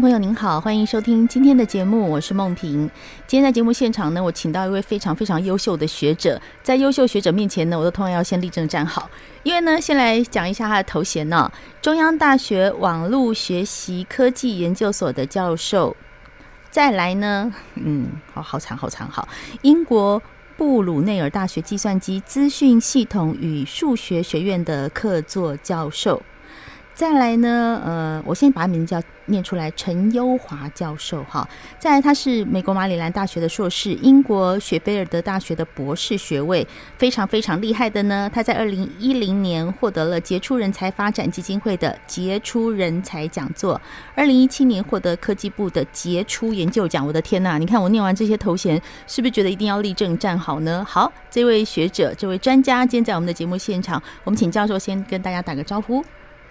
朋友您好，歡迎收聽今天的節目，我是夢萍。今天在節目現場呢，我請到一位非常非常優秀的學者，在優秀學者面前呢，我都同樣要先立正站好，因為呢，先來講一下他的頭銜呢，中央大學網絡學習科技研究所的教授。再來呢，嗯，好好慘，好慘，好，英國布魯內爾大學計算機資訊系統與數學學院的客座教授。再來呢，呃，我先把名字叫念出來，陳攸華教授哈。再來，她是美國馬里蘭大學的碩士，英國雪菲爾德大學的博士學位，非常非常厲害的呢。她在二零一零年獲得了傑出人才發展基金會的傑出人才講座，二零一七年獲得科技部的傑出研究獎。我的天吶，你看我念完這些頭銜，是不是覺得一定要立正站好呢？好，這位學者，這位專家，今天在我們的節目現場，我們請教授先跟大家打個招呼。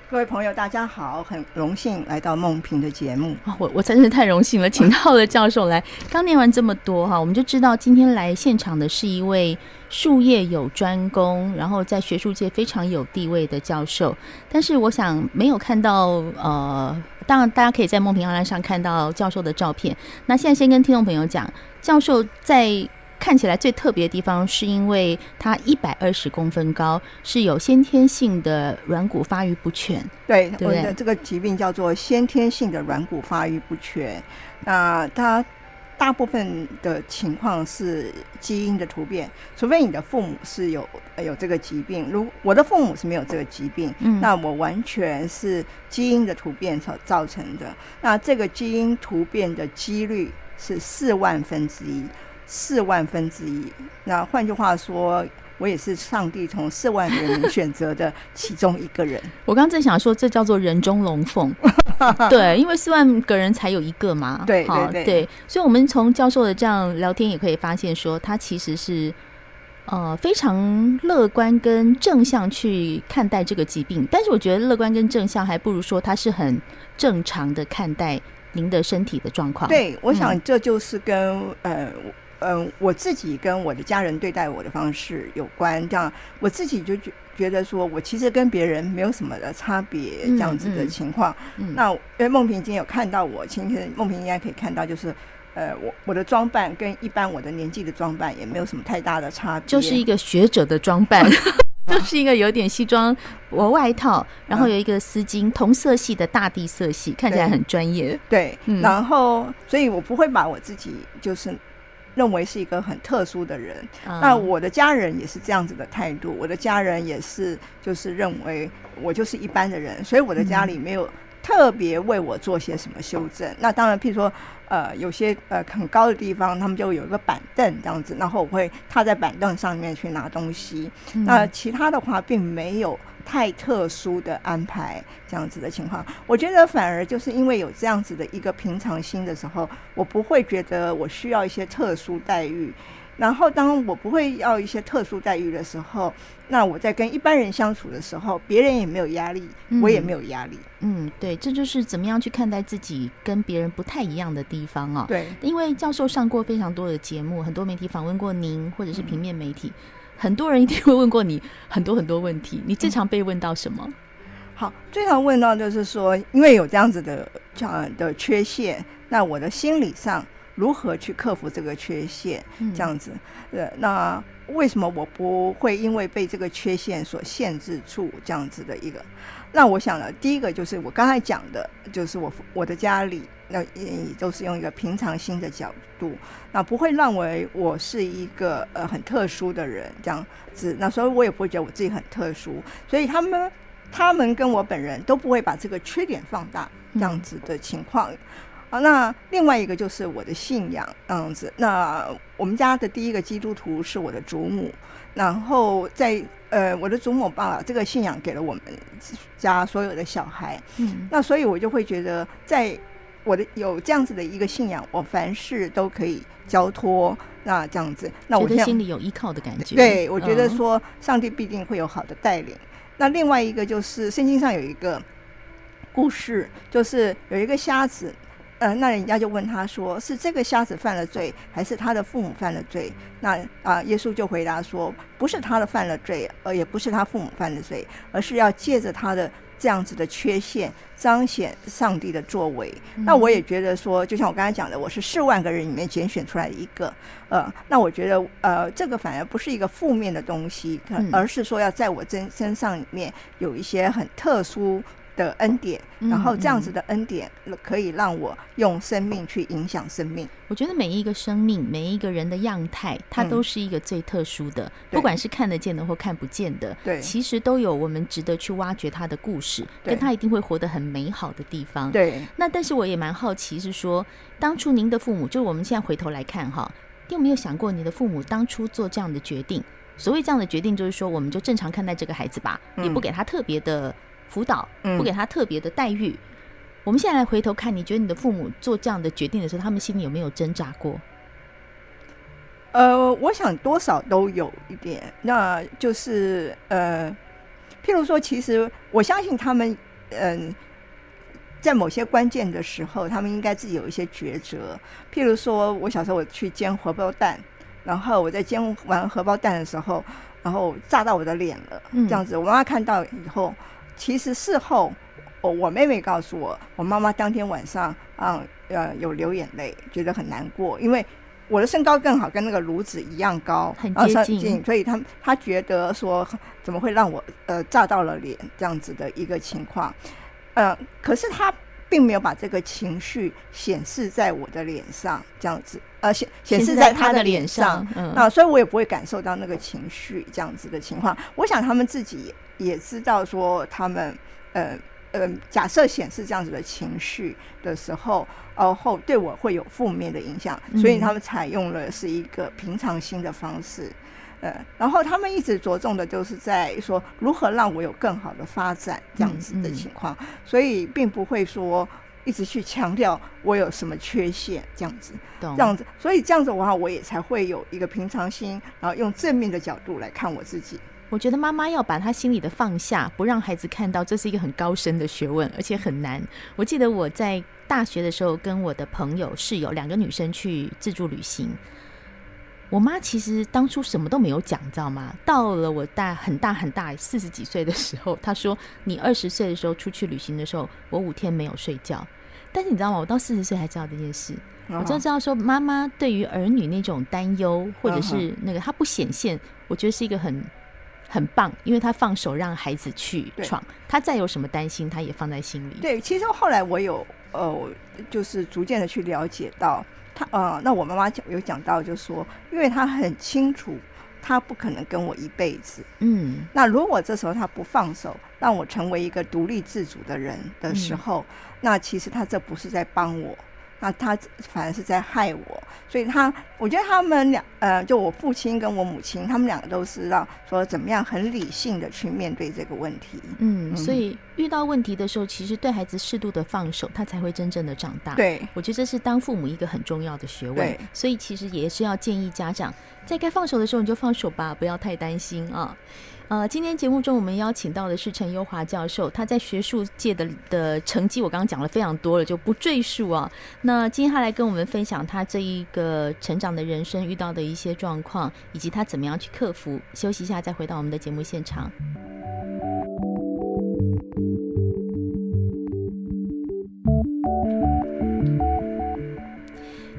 各位朋友，大家好！很榮幸來到夢萍的節目，哦、我我真是太榮幸了，請到了教授、嗯、來。剛念完這麼多哈、啊，我們就知道今天來現場的是一位術業有專攻，然後在學術界非常有地位的教授。但是我想沒有看到呃，當然大家可以在夢萍檔案上看到教授的照片。那現在先跟聽眾朋友講，教授在。看起來最特別的地方是因為他一百二十公分高，是有先天性的軟骨發育不全。對，對，我這個疾病叫做先天性的軟骨發育不全。那、呃、它大部分的情況是基因的突變，除非你的父母是有有這個疾病，如果我的父母是沒有這個疾病，嗯，那我完全是基因的突變所造成的。那這個基因突變的幾率是四萬分之一。四萬分之一，那換句話說，我也是上帝從四萬人選擇的其中一個人。 我剛剛想說，這叫做人中龍鳳， 對，因為四萬個人才有一個嘛。對對對。好，對，所以，我們從教授的這樣聊天也可以發現說，說他其實是呃非常樂觀跟正向去看待這個疾病。但是，我覺得樂觀跟正向，還不如說他是很正常的看待您的身體的狀況。對、嗯，我想這就是跟呃。嗯、呃，我自己跟我的家人對待我的方式有關，這樣我自己就覺覺得說我其實跟別人沒有什麼的差別，這樣子的情況、嗯嗯。那因為夢萍今天有看到我，今天夢萍應該可以看到，就是呃，我我的裝扮跟一般我的年紀的裝扮也沒有什麼太大的差別。就是一個學者的裝扮，嗯、 就是一個有點西裝、嗯，我外套，然後有一個絲巾、嗯，同色系的大地色系，看起來很專業，對、嗯。對，然後所以我不會把我自己就是。認為是一個很特殊的人，嗯，那我的家人也是這樣子的態度，我的家人也是就是認為我就是一般的人，所以我的家裡沒有，嗯。特別為我做些什麼修正？那當然，譬如說，呃，有些呃很高的地方，他們就有一個板凳這樣子，然後我會踏在板凳上面去拿東西。嗯。那其他的話，並沒有太特殊的安排這樣子的情況。我覺得反而就是因為有這樣子的一個平常心的時候，我不會覺得我需要一些特殊待遇。然後，當我不會要一些特殊待遇的時候，那我在跟一般人相處的時候，別人也沒有壓力，嗯、我也沒有壓力。嗯，對，這就是怎麼樣去看待自己跟別人不太一樣的地方啊、哦。對，因為教授上過非常多的節目，很多媒體訪問過您，或者是平面媒體，嗯、很多人一定會問過你很多很多問題。你最常被問到什麼？嗯、好，最常問到就是說，因為有這樣子的這樣、呃、的缺陷，那我的心理上。如何去克服這個缺陷？嗯、這樣子，呃，那為什麼我不會因為被這個缺陷所限制住？這樣子的一個，那我想呢，第一個就是我剛才講的，就是我我的家裡那也都是用一個平常心的角度，那不會認為我是一個呃很特殊的人，這樣子，那所以我也不會覺得我自己很特殊，所以他們他們跟我本人都不會把這個缺點放大，這樣子的情況。嗯嗯那另外一個就是我的信仰這樣子。那我們家的第一個基督徒是我的祖母，然後在呃我的祖母把這個信仰給了我們家所有的小孩。嗯，那所以我就會覺得，在我的有這樣子的一個信仰，我凡事都可以交托。嗯、那這樣子，那我的心裡有依靠的感覺。對，我覺得說上帝必定會有好的帶領。哦、那另外一個就是聖經上有一個故事，就是有一個瞎子。呃，那人家就問他說：“是這個瞎子犯了罪，還是他的父母犯了罪？”那啊，呃，耶穌就回答說：“不是他的犯了罪，呃，也不是他父母犯了罪，而是要借着他的這樣子的缺陷，彰顯上帝的作為。嗯”那我也覺得說，就像我剛才講的，我是四萬個人裡面揀選出來一個，呃，那我覺得呃，這個反而不是一個負面的東西，而是說要在我真身上裡面有一些很特殊的恩典，然後這樣子的恩典可以讓我用生命去影響生命。我覺得每一個生命、每一個人的樣態，它都是一個最特殊的，嗯、不管是看得見的或看不見的，對，其實都有我們值得去挖掘他的故事，跟他一定會活得很美好的地方。對。那但是我也蠻好奇，是說當初您的父母，就是我們現在回頭來看哈，你有沒有想過你的父母當初做這樣的決定？所謂這樣的決定，就是說我們就正常看待這個孩子吧，也、嗯、不給他特別的。輔導，不給他特別的待遇，嗯。我們現在來回頭看，你覺得你的父母做這樣的決定的時候，他們心裡有沒有掙扎過？呃，我想多少都有一點。那就是呃，譬如說，其實我相信他們，嗯、呃，在某些關鍵的時候，他們應該自己有一些抉擇。譬如說，我小時候我去煎荷包蛋，然後我在煎完荷包蛋的時候，然後炸到我的臉了，嗯，這樣子，我媽媽看到以後。其實事後，我我妹妹告訴我，我媽媽當天晚上啊、嗯，呃，有流眼淚，覺得很難過，因為我的身高正好，跟那個爐子一樣高，很接近，接近所以她她覺得說，怎麼會讓我呃炸到了臉這樣子的一個情況、呃？可是她並沒有把這個情緒顯示在我的臉上，這樣子，呃顯顯示在她的臉上，那、嗯嗯、所以我也不會感受到那個情緒這樣子的情況。我想他們自己。也知道說他們，呃呃，假設顯示這樣子的情緒的時候，然、啊、後對我會有負面的影響，所以他們採用了是一個平常心的方式，呃，然後他們一直着重的就是在說如何讓我有更好的發展這樣子的情況、嗯嗯，所以並不會說一直去強調我有什麼缺陷，這樣子，這樣子，這樣子，所以這樣子的話，我也才會有一個平常心，然後用正面的角度來看我自己。我覺得媽媽要把她心裡的放下，不讓孩子看到，這是一個很高深的學問，而且很難。我記得我在大學的時候，跟我的朋友室友兩個女生去自助旅行，我媽其實當初什麼都沒有講，知道嗎？到了我大很大很大四十幾歲的時候，她說：“你二十歲的時候出去旅行的時候，我五天沒有睡覺。”但是你知道嗎？我到四十歲才知道這件事。我就知道說媽媽對於兒女那種擔憂，或者是那個她不顯現，我覺得是一個很。很棒，因為他放手讓孩子去闖，他再有什麼擔心，他也放在心裡。對，其實後來我有呃，就是逐漸的去了解到他，他呃，那我媽媽講有講到，就是說，因為他很清楚，他不可能跟我一輩子，嗯，那如果這時候他不放手，讓我成為一個獨立自主的人的時候，嗯，那其實他這不是在幫我。那他反而是在害我，所以他，我覺得他們兩，呃，就我父親跟我母親，他們兩個都知道說怎麼樣很理性的去面對這個問題。嗯，所以遇到問題的時候，其實對孩子適度的放手，他才會真正的長大。對，我覺得這是當父母一個很重要的學問。所以其實也是要建議家長，在該放手的時候你就放手吧，不要太擔心啊。呃，今天節目中我們邀請到的是陳攸華教授，他在學術界的的成績我剛剛講了非常多了，就不贅述啊。那接下來跟我們分享他這一個成長的人生遇到的一些狀況，以及他怎麼樣去克服。休息一下再回到我們的節目現場。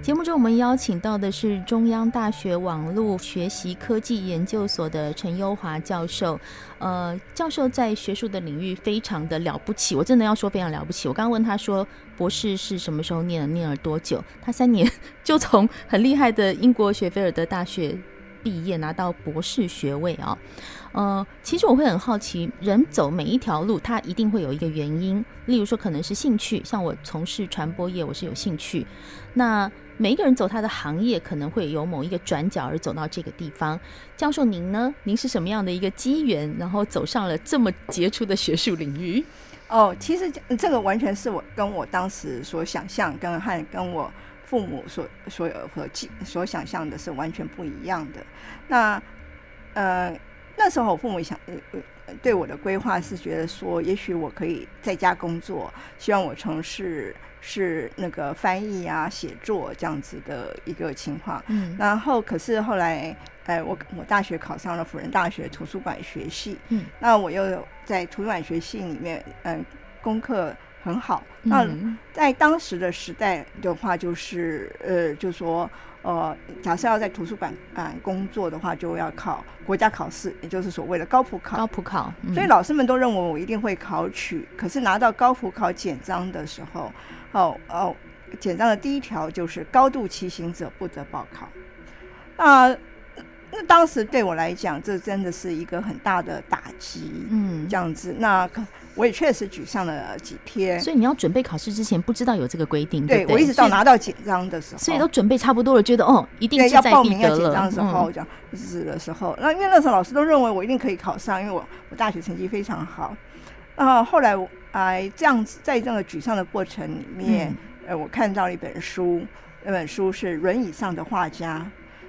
節目中我們邀請到的是中央大學網絡學習科技研究所的陳攸華教授，呃，教授在學術的領域非常的了不起，我真的要說非常了不起。我剛剛問他說，博士是什麼時候念的，念了多久？他三年就從很厲害的英國雪菲爾德大學畢業，拿到博士學位啊。呃，其實我會很好奇，人走每一條路，他一定會有一個原因。例如說，可能是興趣，像我從事傳播業，我是有興趣。那每一個人走他的行業，可能會有某一個轉角而走到這個地方。教授，您呢？您是什麼樣的一個機緣，然後走上了這麼傑出的學術領域？哦，其實這個完全是我跟我當時所想象，跟和跟我父母所所有和所想象的是完全不一樣的。那，呃。那時候我父母想呃、呃、嗯、對我的規劃是覺得說，也許我可以在家工作，希望我從事是那個翻譯啊寫作這樣子的一個情況、嗯。然後可是後來、呃、我我大學考上了輔仁大學圖書館學系。嗯。那我又在圖書館學系裡面嗯、呃、功課很好，那在當時的時代的話，就是呃，就說呃，假設要在圖書館工作的話，就要考國家考試，也就是所謂的高普考。高普考，嗯、所以老師們都認為我一定會考取。可是拿到高普考簡章的時候，哦哦，簡章的第一條就是高度畸形者不得報考。那、呃那當時對我來講，這真的是一個很大的打擊。嗯，這樣子，那我也確實沮喪了幾天。所以你要準備考試之前不知道有這個規定？對，對，對，我一直到拿到簡章的時候所，所以都準備差不多了，覺得哦，一定要報名要簡章的時候，嗯、我講日子的時候，那因為那時候老師都認為我一定可以考上，因為我我大學成績非常好。然、啊、後後來我哎這樣子，在這樣的沮喪的過程裡面，嗯、呃，我看到了一本書，那本書是《輪椅上的畫家》。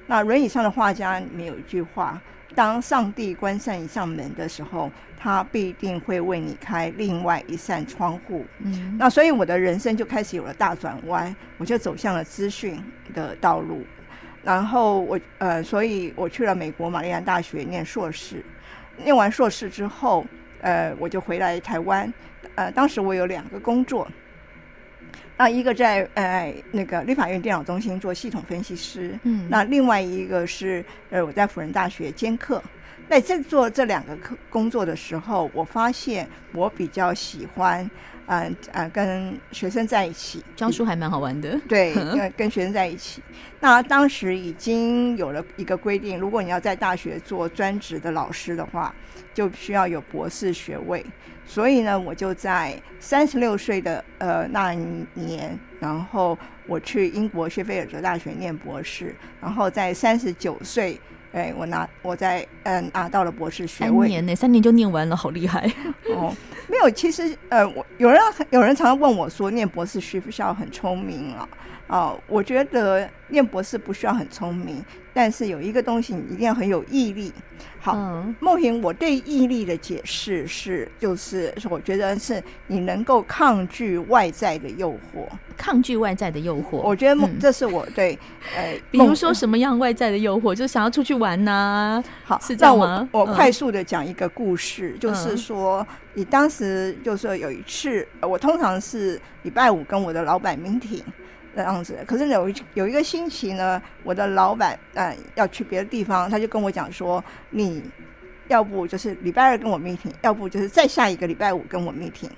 那輪椅上的畫家裡面有一句話：“當上帝關上一扇門的時候，他必定會為你開另外一扇窗戶。” Mm-hmm. 那所以我的人生就開始有了大轉彎，我就走向了資訊的道路。然後我呃，所以我去了美國馬里蘭大學念碩士，念完碩士之後，呃，我就回來台灣。呃，當時我有兩個工作。啊，一個在呃那個立法院電腦中心做系統分析師，嗯，那另外一個是呃我在輔仁大學兼課。那在做這兩個課工作的時候，我發現我比較喜歡呃啊、呃、跟學生在一起。教書還蠻好玩的。對，跟跟學生在一起。那當時已經有了一個規定，如果你要在大學做專職的老師的話，就需要有博士學位。所以呢，我就在三十六歲的呃那一年，然後我去英國謝菲爾德大學念博士，然後在三十九歲，哎、欸，我拿我在嗯拿到了博士學位。三年呢、欸，三年就念完了，好厲害。 哦，沒有，其實呃，我有人有人常常問我說，念博士需不需要很聰明啊？哦、我覺得念博士不需要很聰明，但是有一個東西你一定要很有毅力。好，夢、嗯、萍，我對毅力的解釋是，就是我覺得是你能夠抗拒外在的誘惑，抗拒外在的誘惑。我覺得、嗯、這是我對，呃，比如說什麼樣外在的誘惑、嗯，就想要出去玩吶、啊？好，是這樣嗎？我，我快速的講一個故事、嗯，就是說，你當時就是有一次，嗯、我通常是禮拜五跟我的老闆夢萍。那樣子，可是有一有一個星期呢，我的老闆啊、呃、要去別的地方，他就跟我講說，你要不就是禮拜二跟我 meeting，要不就是再下一個禮拜五跟我 meeting。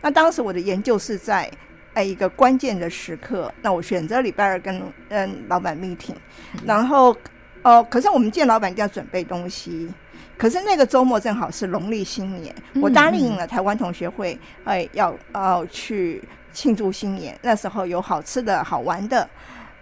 那當時我的研究是在哎、呃、一個關鍵的時刻，那我選擇禮拜二跟嗯、呃、老闆 meeting，然後哦、嗯呃，可是我們見老闆就要準備東西，可是那個週末正好是農曆新年，我答應了台灣同學會，哎、嗯呃、要要、呃、去。慶祝新年，那時候有好吃的好玩的，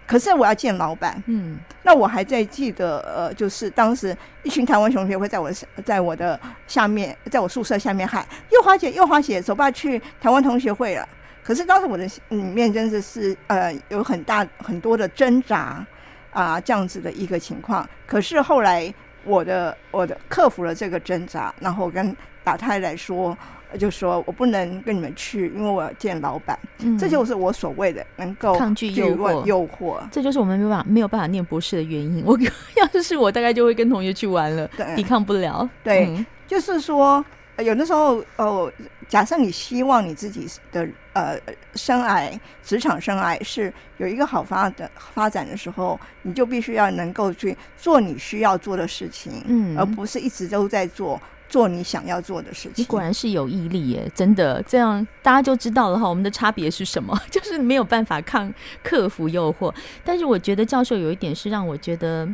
可是我要見老板。嗯，那我還在記得，呃，就是當時一群台灣同學會在我在我的下面，在我宿舍下面喊：“攸華姐，攸華姐，走吧，去台灣同學會了。”可是當時我的心裡、嗯、面真的、就是是呃，有很大很多的掙扎啊、呃，這樣子的一個情況。可是後來，我的我的克服了這個掙扎，然後跟。打胎來說，就說我不能跟你們去，因為我要見老闆，嗯。這就是我所謂的能夠抗拒誘惑。誘惑，這就是我們沒法沒有辦法念博士的原因。我要是我大概就會跟同學去玩了，抵抗不了。對，嗯，就是說，有的時候哦，呃，假設你希望你自己的呃生涯職場生涯是有一個好發的發展的時候，你就必須要能夠去做你需要做的事情，嗯，而不是一直都在做。做你想要做的事情，你果然是有毅力耶！真的，這樣大家就知道了哈。我們的差別是什麼？就是沒有辦法抗克服誘惑。但是我覺得教授有一點是讓我覺得，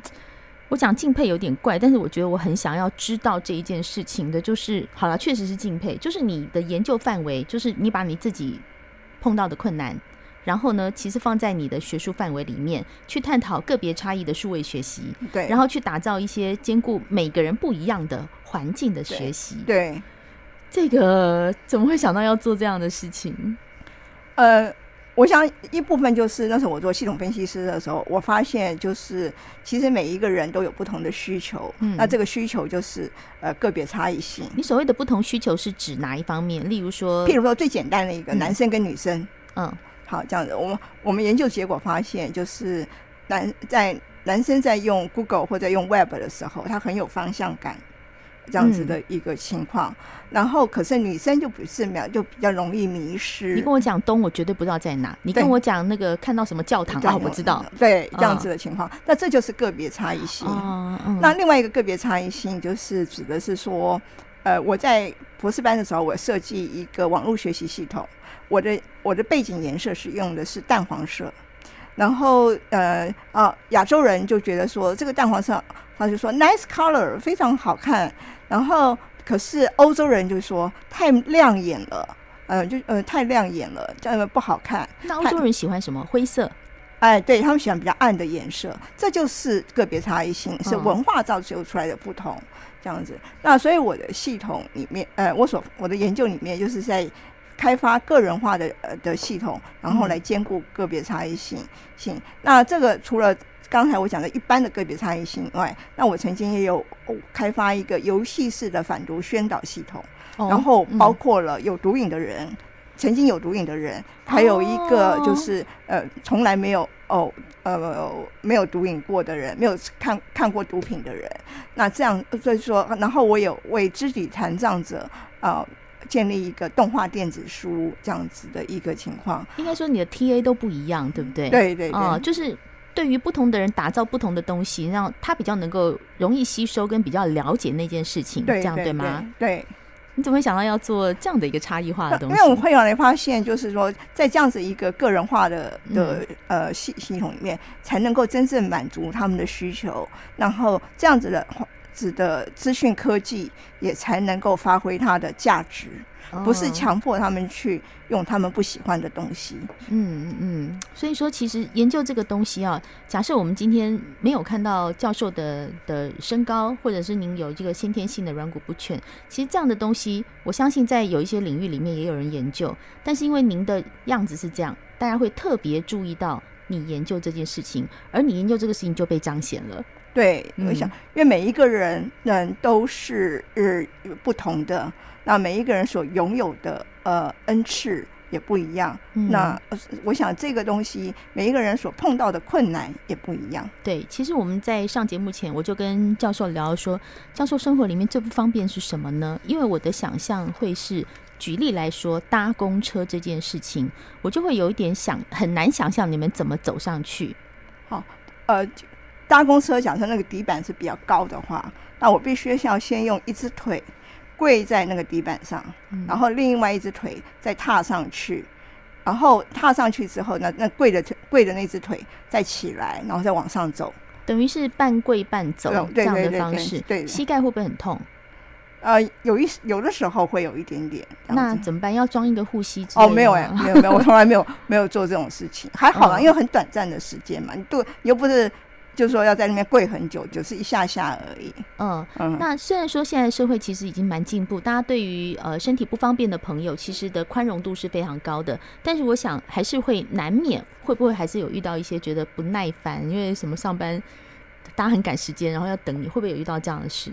我講敬佩有點怪，但是我覺得我很想要知道這一件事情的，就是好了，確實是敬佩，就是你的研究範圍，就是你把你自己碰到的困難。然後呢，其實放在你的學術範圍裡面去探討個別差異的數位學習，對，然後去打造一些兼顧每個人不一樣的環境的學習，對。對，這個怎麼會想到要做這樣的事情？呃，我想一部分就是那時候我做系統分析師的時候，我發現就是其實每一個人都有不同的需求，嗯，那這個需求就是呃個別差異性。你所謂的不同需求是指哪一方面？例如說，譬如說最簡單的一個，嗯，男生跟女生，嗯。嗯好，這樣子，我們我們研究結果發現，就是男在男生在用 Google 或者在用 Web 的時候，他很有方向感，這樣子的一個情況，嗯。然後，可是女生就不是秒，就比較容易迷失。你跟我講東，我絕對不知道在哪。你跟我講那個看到什麼教堂對、啊、對，我不知道。對，這樣子的情況，哦。那這就是個別差異性，哦。那另外一個個別差異性，就是指的是說，呃，我在博士班的時候，我設計一個網絡學習系統。我的我的背景顏色是用的是淡黃色，然後呃啊亞洲人就覺得說這個淡黃色，他就說 nice color 非常好看。然後可是歐洲人就說太亮眼了，嗯、呃、就呃太亮眼了，這樣不好看。那歐洲人喜歡什麼？灰色？哎，對他們喜歡比較暗的顏色，這就是個別差異性，是文化造就出、出來的不同、哦、這樣子。那所以我的系統裡面，呃我所我的研究裡面就是在。開發個人化的呃的系統，然後來兼顧個別差異性性。那這個除了剛才我講的一般的個別差異性外,那我曾經也有開發一個遊戲式的反毒宣導系統，然後包括了有毒癮的人，哦嗯、曾經有毒癮的人，還有一個就是呃從來沒有哦呃沒有毒癮過的人，沒有看看過毒品的人。那這樣所以說，然後我有為肢體殘障者啊。呃建立一個動畫電子書這樣子的一個情況，應該說你的 TA 都不一樣，對不對？對對啊、哦，就是對於不同的人打造不同的東西，讓他比較能夠容易吸收跟比較了解那件事情，對對對對，這樣對嗎？對，對，對，你怎麼會想到要做這樣的一個差異化的東西？因為我們後來發現，就是說在這樣子一個個人化的的、嗯、呃系系統裡面，才能夠真正滿足他們的需求，然後這樣子的。子的資訊科技也才能夠發揮它的價值，Oh. 不是強迫他們去用他們不喜歡的東西。嗯嗯，所以說其實研究這個東西啊，假設我們今天沒有看到教授的的身高，或者是您有這個先天性的軟骨不全，其實這樣的東西，我相信在有一些領域裡面也有人研究。但是因為您的樣子是這樣，大家會特別注意到你研究這件事情，而你研究這個事情就被彰顯了。對，你、嗯、會想，因為每一個人人、嗯、都是呃不同的，那每一個人所擁有的呃恩賜也不一樣。嗯、那我想這個東西，每一個人所碰到的困難也不一樣。對，其實我們在上節目前，我就跟教授聊、聊說，教授生活裡面最不方便是什麼呢？因為我的想象會是，舉例來說搭公車這件事情，我就會有一點想很難想象你們怎麼走上去。好，呃。搭公車，假設那個底板是比較高的話，那我必須要先用一隻腿跪在那個底板上，然後另外一隻腿再踏上去，然後踏上去之後，那那跪的腿跪的那隻腿再起來，然後再往上走，等於是半跪半走這樣的方式。哦、對對對對對對對，膝蓋會不會很痛？呃，有一有的時候會有一點點。那怎麼辦？要裝一個護膝？哦，沒有哎、欸，沒有沒有， 我從來沒有沒有做這種事情，還好啊，因為很短暫的時間嘛，你你又不是。就是說要在那邊跪很久，就是一下下而已。嗯，嗯。那雖然說現在社會其實已經蠻進步，大家對於呃身體不方便的朋友，其實的寬容度是非常高的。但是我想還是會難免，會不會還是有遇到一些覺得不耐煩，因為什麼上班大家很趕時間，然後要等你，你會不會有遇到這樣的事？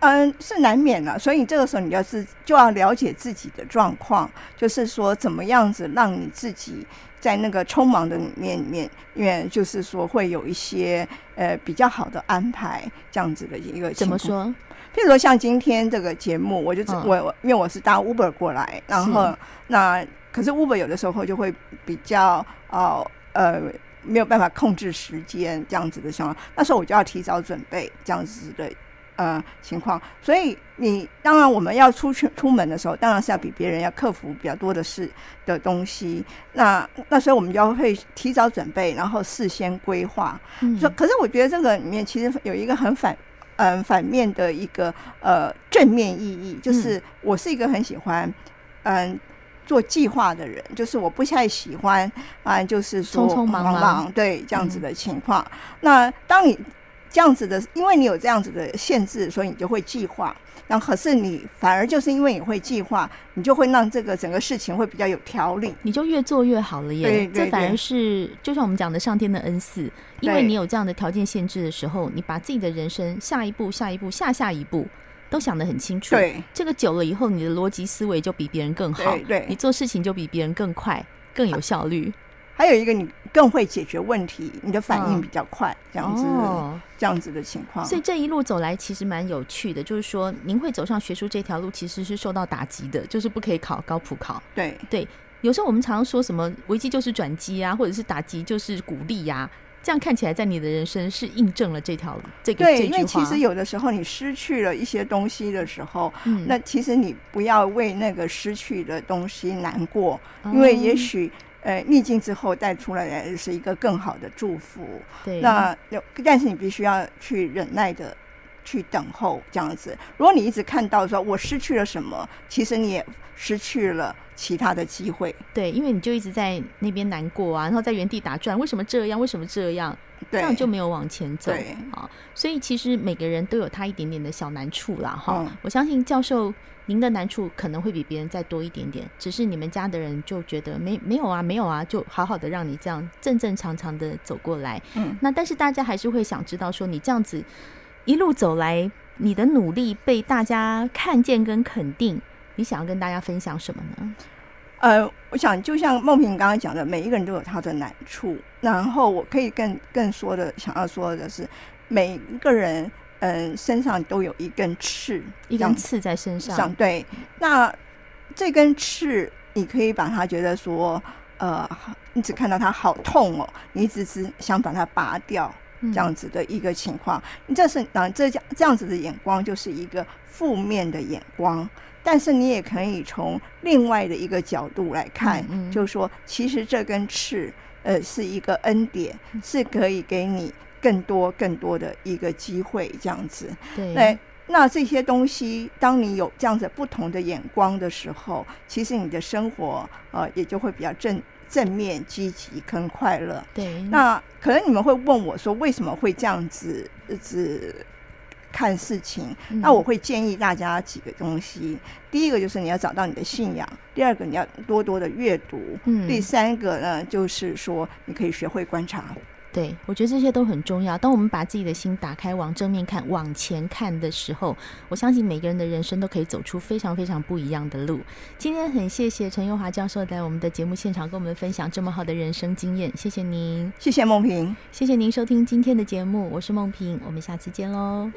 嗯，是難免的、啊，所以這個時候你要、就是就要了解自己的狀況，就是說怎麼樣子讓你自己在那個匆忙的面裡面，因為就是說會有一些呃比較好的安排這樣子的一個情況，怎麼說？譬如說像今天這個節目，我就是啊、我因為我是搭 Uber 過來，然後那可是 Uber 有的時候就會比較哦呃沒有辦法控制時間這樣子的情況，那時候我就要提早準備這樣子的。呃，情況，所以你當然我們要出去出門的時候，當然是要比別人要克服比較多的事的東西。那那所以我們就會提早準備，然後事先規劃。說、嗯，可是我覺得這個裡面其實有一個很反，嗯、呃，反面的一個呃正面意義，就是我是一個很喜歡嗯、呃、做計劃的人，就是我不太喜歡啊、呃，就是說匆匆忙忙，對這樣子的情況。嗯、那當你。這樣子的，因為你有這樣子的限制，所以你就會計劃。那可是你反而就是因為你會計劃，你就會讓這個整個事情會比較有條理，你就越做越好了耶。對對對，這反而是就像我們講的上天的恩賜，因為你有這樣的條件限制的時候，你把自己的人生下一步、下一步、下下一步都想得很清楚。對，這個久了以後，你的邏輯思維就比別人更好。對，對，你做事情就比別人更快、更有效率。啊還有一個，你更會解決問題，你的反應比較快，哦、這樣子、哦，這樣子的情況。所以這一路走來其實蠻有趣的，就是說您會走上學術這條路，其實是受到打擊的，就是不可以考高普考。對對，有時候我們常常說什麼危機就是轉機啊，或者是打擊就是鼓勵呀、啊，這樣看起來在你的人生是印證了這條這個對這句話。因為其實有的時候你失去了一些東西的時候，嗯、那其實你不要為那個失去的東西難過，嗯、因為也許。呃，逆境之後帶出來的是一個更好的祝福。對，那但是你必須要去忍耐地去等候這樣子。如果你一直看到說我失去了什麼，其實你也失去了其他的機會。對，因為你就一直在那邊難過啊，然後在原地打轉。為什麼這樣？為什麼這樣？這樣就沒有往前走啊，所以其實每個人都有他一點點的小難處啦。哈、啊嗯。我相信教授您的難處可能會比別人再多一點點，只是你們家的人就覺得沒沒有啊沒有啊，就好好的讓你這樣正正常常的走過來。嗯，那但是大家還是會想知道說你這樣子一路走來，你的努力被大家看見跟肯定，你想要跟大家分享什麼呢？呃。我想，就像夢萍剛剛講的，每一個人都有他的難處。然後，我可以更更說的，想要說的是，每一個人，嗯，身上都有一根刺，一根刺在身上。對，那這根刺，你可以把它覺得說，呃，你只看到它好痛哦，你只是想把它拔掉，這樣子的一個情況。嗯、這是啊，這這樣子的眼光就是一個負面的眼光。但是你也可以從另外的一個角度來看，mm -hmm. 就是說，其實這根刺，呃，是一個恩典，是可以給你更多更多的一個機會，這樣子。對那，那這些東西，當你有這樣子不同的眼光的時候，其實你的生活，呃，也就會比較正正面、積極跟快樂。對。那可能你們會問我說，為什麼會這樣子？一直看事情，那我會建議大家幾個東西。嗯。第一個就是你要找到你的信仰；第二個你要多多的閱讀；嗯。第三個呢，就是說你可以學會觀察。對我覺得這些都很重要。當我們把自己的心打開，往正面看，往前看的時候，我相信每個人的人生都可以走出非常非常不一樣的路。今天很謝謝陳攸華教授在我們的節目現場跟我們分享這麼好的人生經驗，謝謝您，謝謝夢萍，謝謝您收聽今天的節目，我是夢萍，我們下次見嘍。